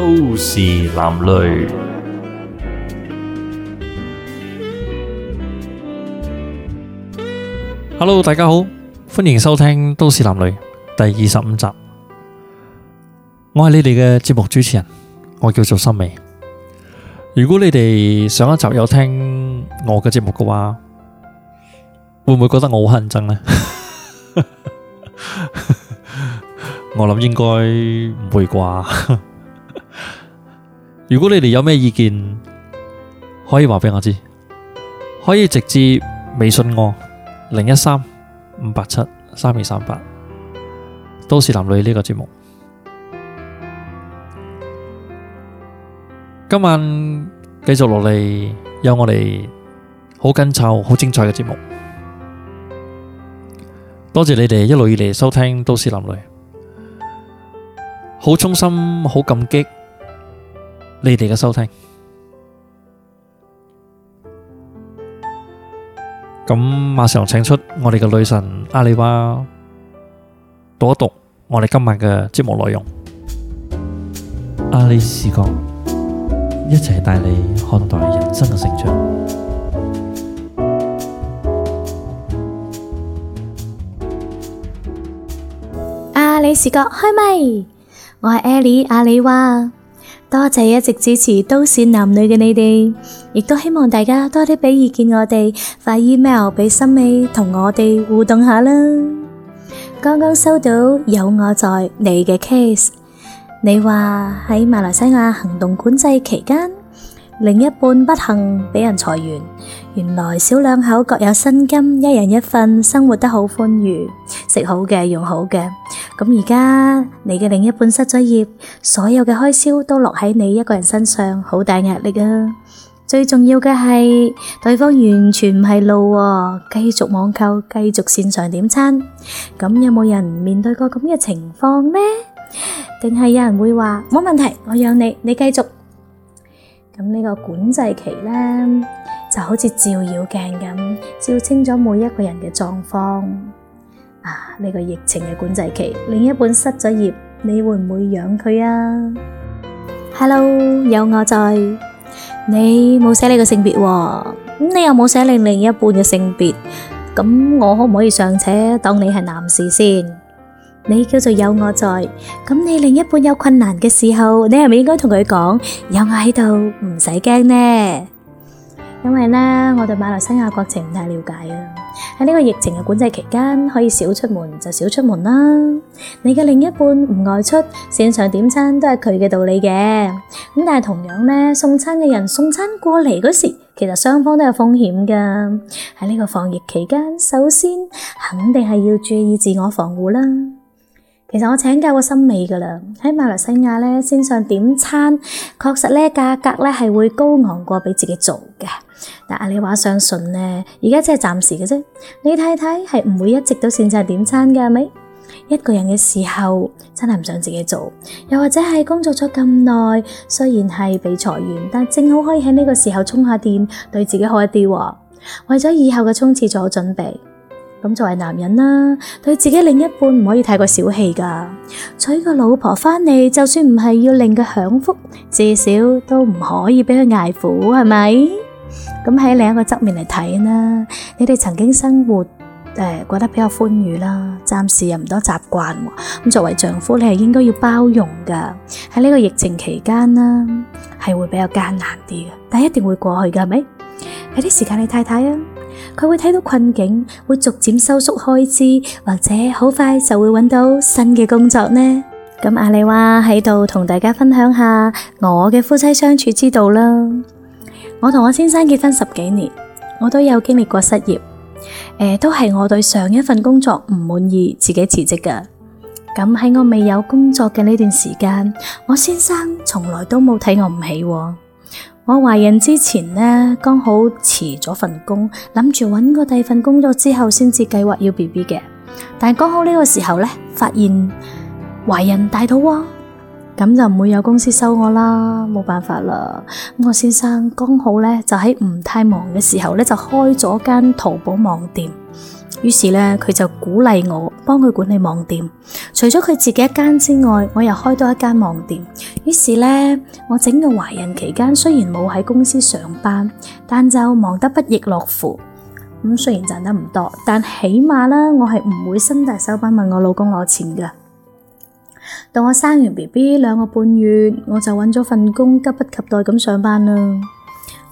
都市男女。Hello，大家好，歡迎收聽《都市男女》第二十五集。我係你哋嘅節目主持人，我叫做心美。如果你哋上一集有聽我嘅節目嘅話，會唔會覺得我好乞人憎呢？我諗應該唔會啩。如果你哋有咩意見，可以話俾我知，可以直接微信我零一三五八七三二三八，都市男女呢個節目，今晚繼續落嚟有我哋好緊湊、好精彩嘅節目。多謝你哋一路以嚟收聽都市男女，好衷心、好感激。你哋嘅收聽，咁馬上請出我哋嘅女神阿里娃，讀一讀我哋今晚嘅節目內容。阿里視覺，一齊帶你看待人生嘅成長。阿里視覺開咪，我係 Ellie 阿里娃。多謝一直支持都市男女嘅你哋，亦都希望大家多啲俾意見我哋，發 email 俾心美同我哋互動下啦。剛剛收到有我在你嘅 case，你話喺馬來西亞行動管制期間。另一半不幸俾人裁員，原來小兩口各有薪金，一人一份，生活得好寬裕，食好嘅，用好嘅。咁而家你嘅另一半失咗業，所有嘅開銷都落喺你一個人身上，好大壓力啊！最重要嘅係對方完全唔係路，繼續網購，繼續線上點餐。咁有冇人面對過咁嘅情況呢？定係有人會話冇問題，我養你，你繼續。咁呢個管制期咧，就好似照妖鏡咁，照清咗每一個人嘅狀況啊！呢個疫情嘅管制期，另一半失咗業，你會唔會養佢啊？Hello，有我在，你冇寫你個性別哦，咁你又冇寫你另一半嘅性別，咁我可唔可以上車當你係男士先？你叫做有我在咁，那你另一半有困難嘅時候，你係咪應該同佢講，有我喺度，唔使驚呢？因為呢，我對馬來西亞國情唔太了解啊。喺呢個疫情嘅管制期間，可以少出門就少出門啦。你嘅另一半唔外出，線上點餐都係佢嘅道理嘅。咁但係同樣呢，送餐嘅人送餐過嚟嗰時，其實雙方都有風險㗎。喺呢個防疫期間，首先肯定係要注意自我防護啦。其實我請教過心未噶啦，喺馬來西亞咧，綫上點餐，確實咧價格咧係會高昂過俾自己做嘅。但係你話相信咧，而家真係暫時嘅啫。你睇睇係唔會一直都綫上點餐噶，係咪？一個人嘅時候真係唔想自己做，又或者係工作咗咁耐，雖然係被裁員，但正好可以喺呢個時候充下電，對自己好一啲喎，為咗以後嘅衝刺做好準備。咁作為男人啦，對自己另一半唔可以太過小氣噶。娶個老婆返嚟，就算唔係要令佢享福，至少都唔可以俾佢捱苦，係咪？咁喺另一個側面嚟睇啦，你哋曾經生活誒、呃、過得比較寬裕啦，暫時又唔多習慣。咁作為丈夫，你係應該要包容噶。喺呢個疫情期間啦，係會比較艱難啲嘅，但係一定會過去噶，係咪？俾啲時間你太太啊。佢會睇到困境，會逐漸收縮開支，或者好快就會揾到新嘅工作呢。咁阿里娃喺度同大家分享下我嘅夫妻相處之道啦。我同我先生結婚十幾年，我都有經歷過失業，呃，都係我對上一份工作唔滿意，自己辭職㗎。咁喺我未有工作嘅呢段時間，我先生從來都冇睇我唔起。我懷孕之前呢，剛好辭咗份工，諗住揾個第二份工作之後，先至計劃要 B B 嘅。但係剛好呢個時候呢，發現懷孕大肚喎，咁就唔會有公司收我啦，冇辦法啦。我先生剛好呢，就喺唔太忙嘅時候呢，就開咗間淘寶網店。於是呢，佢就鼓勵我幫佢管理網店。除咗佢自己一間之外，我又開多一間網店。於是呢，我整個懷孕期間雖然冇喺公司上班，但就忙得不亦樂乎。咁、嗯、雖然賺得唔多，但起碼呢，我係唔會伸大手板問我老公攞錢噶。到我生完 B B 兩個半月，我就揾咗份工，急不及待咁上班啦。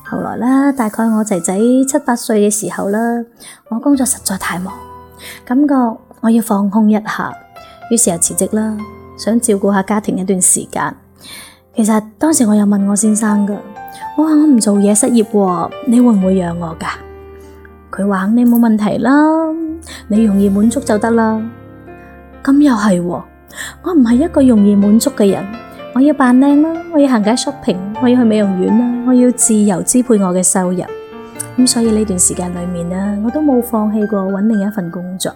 後來啦，大概我仔仔七八歲嘅時候啦，我工作實在太忙，感覺我要放空一下，於是又辭職啦，想照顧下家庭一段時間。其實當時我有問我先生噶，我話我唔做嘢失業，你會唔會養我噶？佢話肯定冇問題啦，你容易滿足就得啦。咁又係，哦，我唔係一個容易滿足嘅人。我要扮靚啦，我要行街 shopping，我要去美容院啦，我要自由支配我嘅收入。咁所以呢段時間裏面呢，我都冇放棄過搵另一份工作。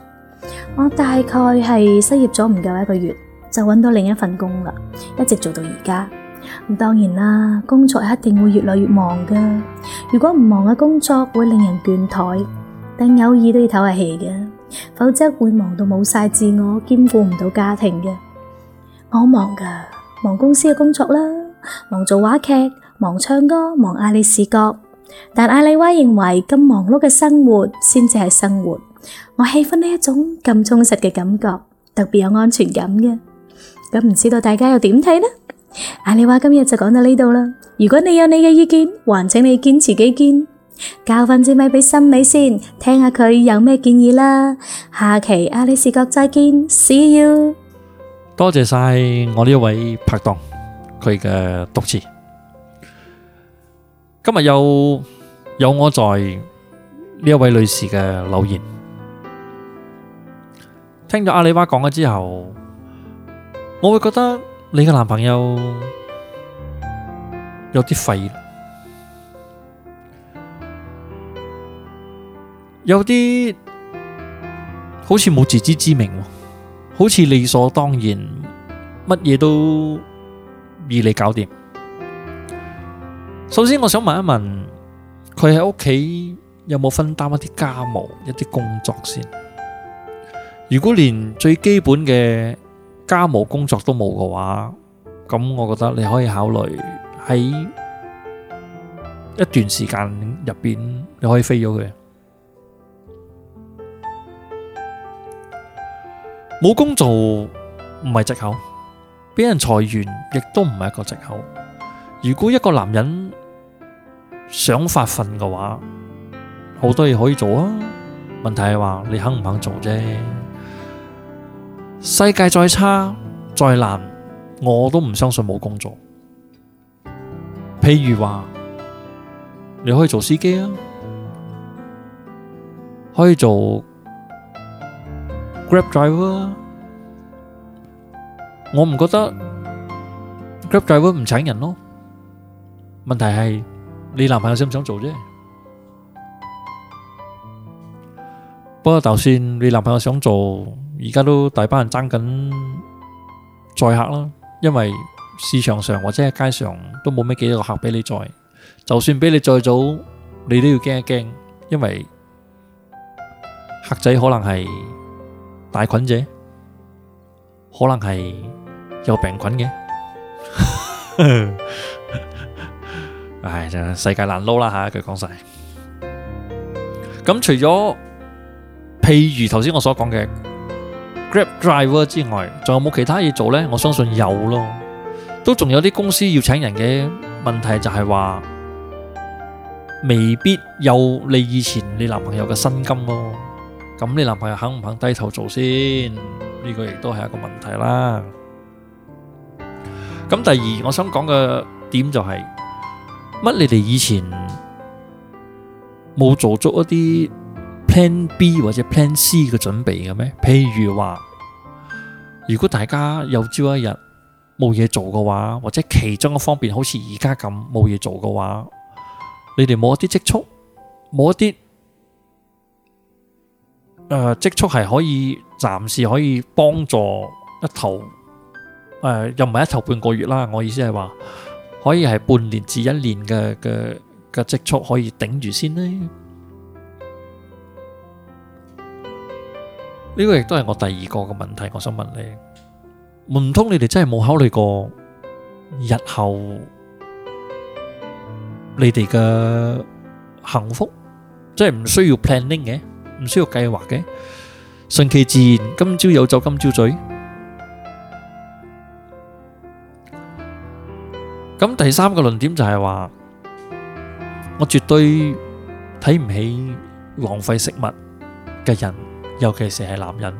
我大概係失業咗唔夠一個月，就搵到另一份工啦，一直做到而家。咁當然啦，工作一定會越來越忙㗎。如果唔忙嘅工作會令人倦怠，但偶爾都要唞下氣嘅，否則會忙到冇晒自我，兼顧唔到家庭嘅。我好忙㗎。忙公司嘅工作啦，忙做話劇，忙唱歌，忙阿里視覺。但阿里娃認為咁忙碌嘅生活先至係生活。我喜歡呢一種咁充實嘅感覺，特別有安全感嘅。咁唔知道大家又點睇呢？阿里娃今日就講到呢度啦。如果你有你嘅意見，還請你堅持己見。教翻支咪俾心美先，聽下佢有咩建議啦。下期阿里視覺再見，See you。多謝晒我呢一位拍檔，佢嘅讀詞。今日有有我在呢一位女士嘅留言，聽咗阿里媽講咗之後，我會覺得你嘅男朋友有啲廢，有啲好似冇自知之明。好似理所當然，乜嘢都易你搞掂。首先，我想問一問佢喺屋企有冇分擔一啲家務、一啲工作先？如果連最基本嘅家務工作都冇嘅話，咁我覺得你可以考慮喺一段時間入邊，你可以飛咗佢。冇工做唔係借口，俾人裁員亦都唔係一個借口。如果一個男人想發奮嘅話，好多嘢可以做啊。問題係話你肯唔肯做啫啊。世界再差再難，我都唔相信冇工做。譬如話，你可以做司機啊，可以做。Grab driver，我唔覺得 Grab driver 唔請人咯。問題係你男朋友想唔想做啫？不過就算你男朋友想做，而家都大班人爭緊載客啦。因為市場上或者喺街上都冇咩幾個客俾你載。就算俾你載到，你都要驚一驚，因為客仔可能係。帶菌者可能係有病菌嘅，唉就世界難撈啦吓，一句講晒。咁除咗譬如頭先我所講嘅 Grab Driver 之外，仲有冇其他嘢做咧？我相信有咯，都仲有啲公司要請人嘅。問題就係話，未必有你以前你男朋友嘅薪金咯。咁你男朋友肯唔肯低頭做先？呢個亦都係一個問題啦。咁第二，我想講嘅點就係乜？你哋以前冇做足一啲 Plan B 或者 Plan C 嘅準備嘅咩？譬如話，如果大家有朝一日冇嘢做嘅話，或者其中一方面好似而家咁冇嘢做嘅話，你哋冇一啲積蓄，冇一啲。誒，呃、積蓄係可以暫時可以幫助一頭，誒、呃、又唔係一頭半個月啦。我意思係話，可以係半年至一年嘅嘅嘅積蓄可以頂住先咧。呢 個亦都係我第二個嘅問題，我想問你，唔通你哋真係冇考慮過日後你哋嘅幸福，即係唔需要 planning 嘅？唔需要計劃嘅，順其自然，今朝有酒今朝醉。咁第三個論點就係話，我絕對睇唔起浪費食物嘅人，尤其是係男人，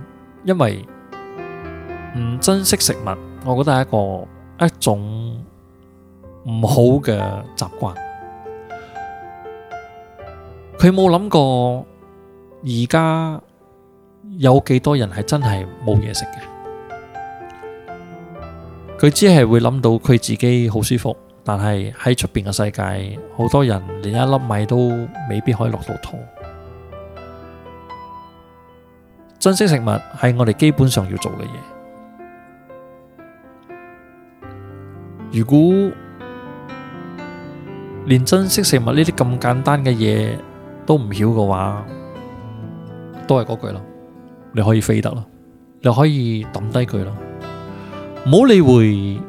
因為唔珍惜食物，我覺得係一個一種唔好嘅習慣。佢冇諗過。而家有幾多人係真係冇嘢食嘅？佢只係會諗到佢自己好舒服，但係喺出邊嘅世界，好多人連一粒米都未必可以落到肚。珍惜食物係我哋基本上要做嘅嘢。如果連珍惜食物呢啲咁簡單嘅嘢都唔曉嘅話，都係嗰句咯，你可以飛得咯，你可以抌低佢咯，唔好理會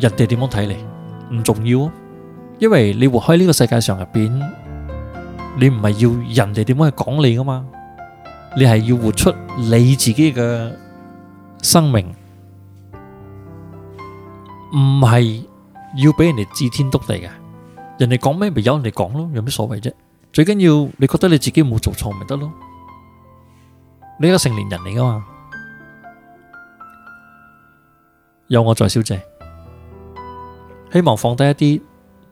人哋點樣睇你，唔重要啊。因為你活喺呢個世界上入邊，你唔係要人哋點樣去講你噶嘛，你係要活出你自己嘅生命，唔係要俾人哋置天篤地嘅。人哋講咩咪由人哋講咯，有咩所謂啫？最緊要你覺得你自己冇做錯咪得咯。你一個成年人嚟噶嘛？有我在，小姐，希望放低一啲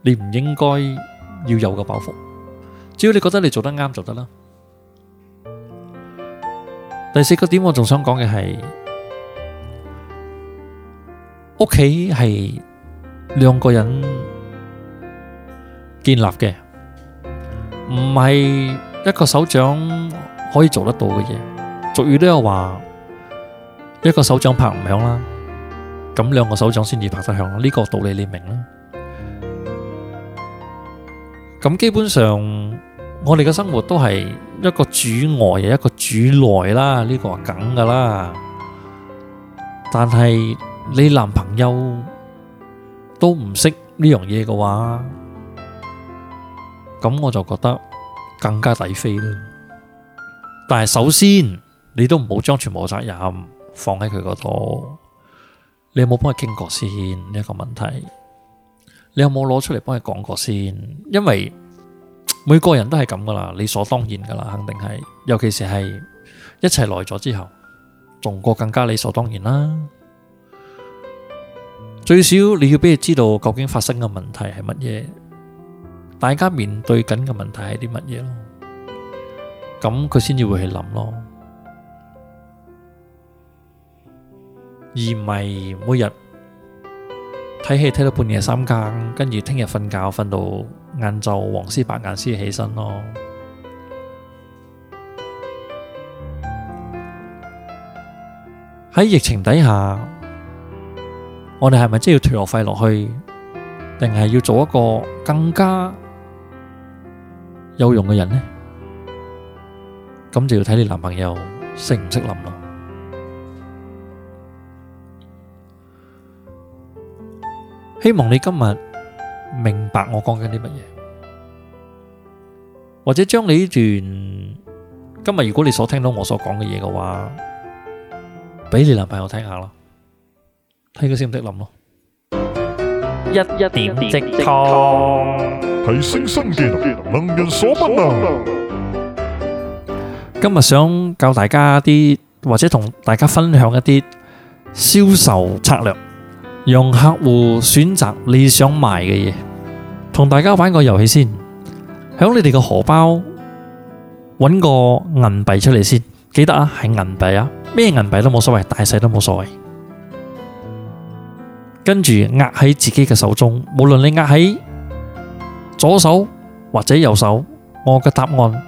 你唔應該要有嘅包袱。只要你覺得你做得啱就得啦。第四個點，我仲想講嘅係屋企係兩個人建立嘅，唔係一個手掌可以做得到嘅嘢。俗語都有話，一個手掌拍唔響啦，咁兩個手掌先至拍得響。呢個道理你明啦。咁基本上，我哋嘅生活都係一個主外又一個主內啦，呢個梗噶啦。但係你男朋友都唔識呢樣嘢嘅話，咁我就覺得更加抵飛啦。但係首先。你都唔好將全部責任放喺佢嗰度，你有冇幫佢傾過先呢一個問題？你有冇攞出嚟幫佢講過先？因為每個人都係咁噶啦，理所當然噶啦，肯定係，尤其是係一齊耐咗之後，仲過更加理所當然啦。最少你要俾佢知道究竟發生嘅問題係乜嘢，大家面對緊嘅問題係啲乜嘢咯，咁佢先至會去諗咯。而唔係每日睇戲睇到半夜三更，跟住聽日瞓覺瞓到晏晝黃絲白眼先起身咯。喺 疫情底下，我哋係咪真係要頹廢落去，定係要做一個更加有用嘅人呢？咁就要睇你男朋友識唔識諗啦。希望你今日明白我講緊啲乜嘢，或者將你呢段今日如果你所聽到我所講嘅嘢嘅話，俾你男朋友聽下咯，睇佢識唔識諗咯。一一點直通，提升新技能，能人所不能。今日想教大家啲，或者同大家分享一啲銷售策略。讓客戶選擇你想賣嘅嘢。同大家玩個遊戲先，響你哋嘅荷包揾個銀幣出嚟先，記得啊，係銀幣啊，咩銀幣都冇所謂，大細都冇所謂。跟住壓喺自己嘅手中，無論你壓喺左手或者右手，我嘅答案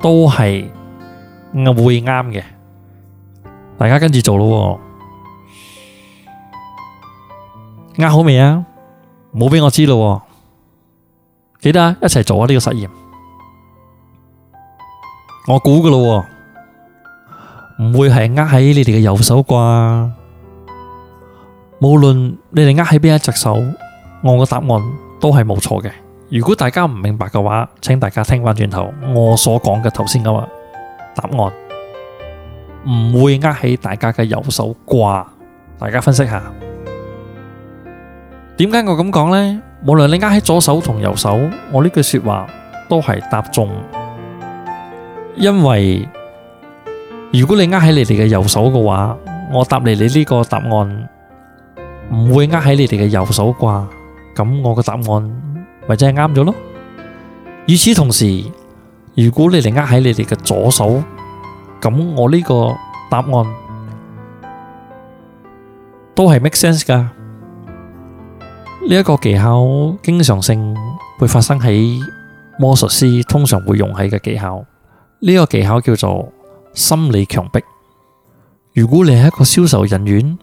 都係會啱嘅。大家跟住做咯。握好未啊？冇俾我知咯，記得一齊做下呢個實驗，我估嘅咯，唔會係握喺你哋嘅右手啩。無論你哋握喺邊一隻手，我嘅答案都係冇錯嘅。如果大家唔明白嘅話，請大家聽翻轉頭我所講嘅頭先嘅答案，唔會握喺大家嘅右手啩？大家分析下。點解我咁講咧？無論你握喺左手同右手，我呢句說話都係答中。因為如果你握喺你哋嘅右手嘅話，我答你，你呢個答案唔會握喺你哋嘅右手啩？咁我嘅答案咪真係啱咗咯？與此同時，如果你哋握喺你哋嘅左手，咁我呢個答案都係 make sense 噶。呢一個技巧經常性會發生喺魔術師通常會用喺嘅技巧，呢個技巧叫做心理強迫。如果你係一個銷售人員，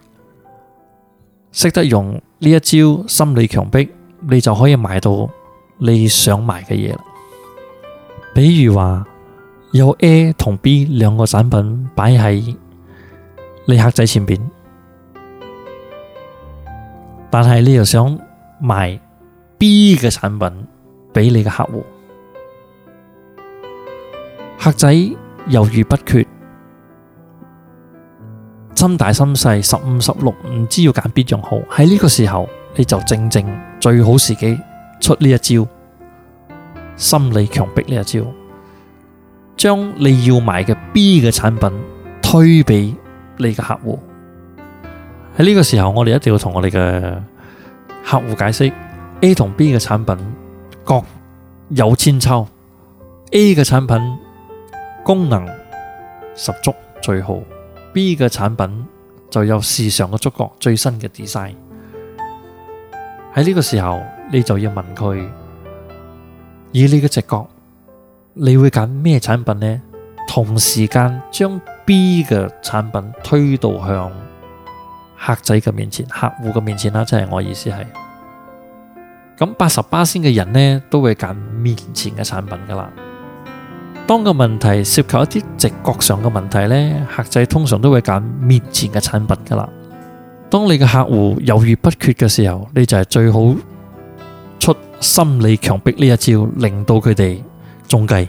識得用呢一招心理強迫，你就可以賣到你想賣嘅嘢啦。比如話有 A 同 B 兩個產品擺喺你客仔前邊，但係你又想。賣 B 嘅產品俾你嘅客戶，客仔猶豫不決，心大心細，十五十六唔知要揀邊種好。喺呢個時候，你就正正最好自己出呢一招，心理強迫呢一招，將你要賣嘅 B 嘅產品推俾你嘅客戶。喺呢個時候，我哋一定要同我哋嘅。客戶解釋 A 同 B 嘅產品各有千秋，A 嘅產品功能十足最好，B 嘅產品就有時尚嘅觸覺、最新嘅 design。喺呢個時候，你就要問佢：以你嘅直覺，你會揀咩產品呢？同時間將 B 嘅產品推到向。客仔嘅面前，客戶嘅面前啦，即係我意思係，咁八十八巴仙嘅人呢，都會揀面前嘅產品噶啦。當個問題涉及一啲直覺上嘅問題呢，客仔通常都會揀面前嘅產品噶啦。當你嘅客戶猶豫不決嘅時候，你就係最好出心理強迫呢一招，令到佢哋中計。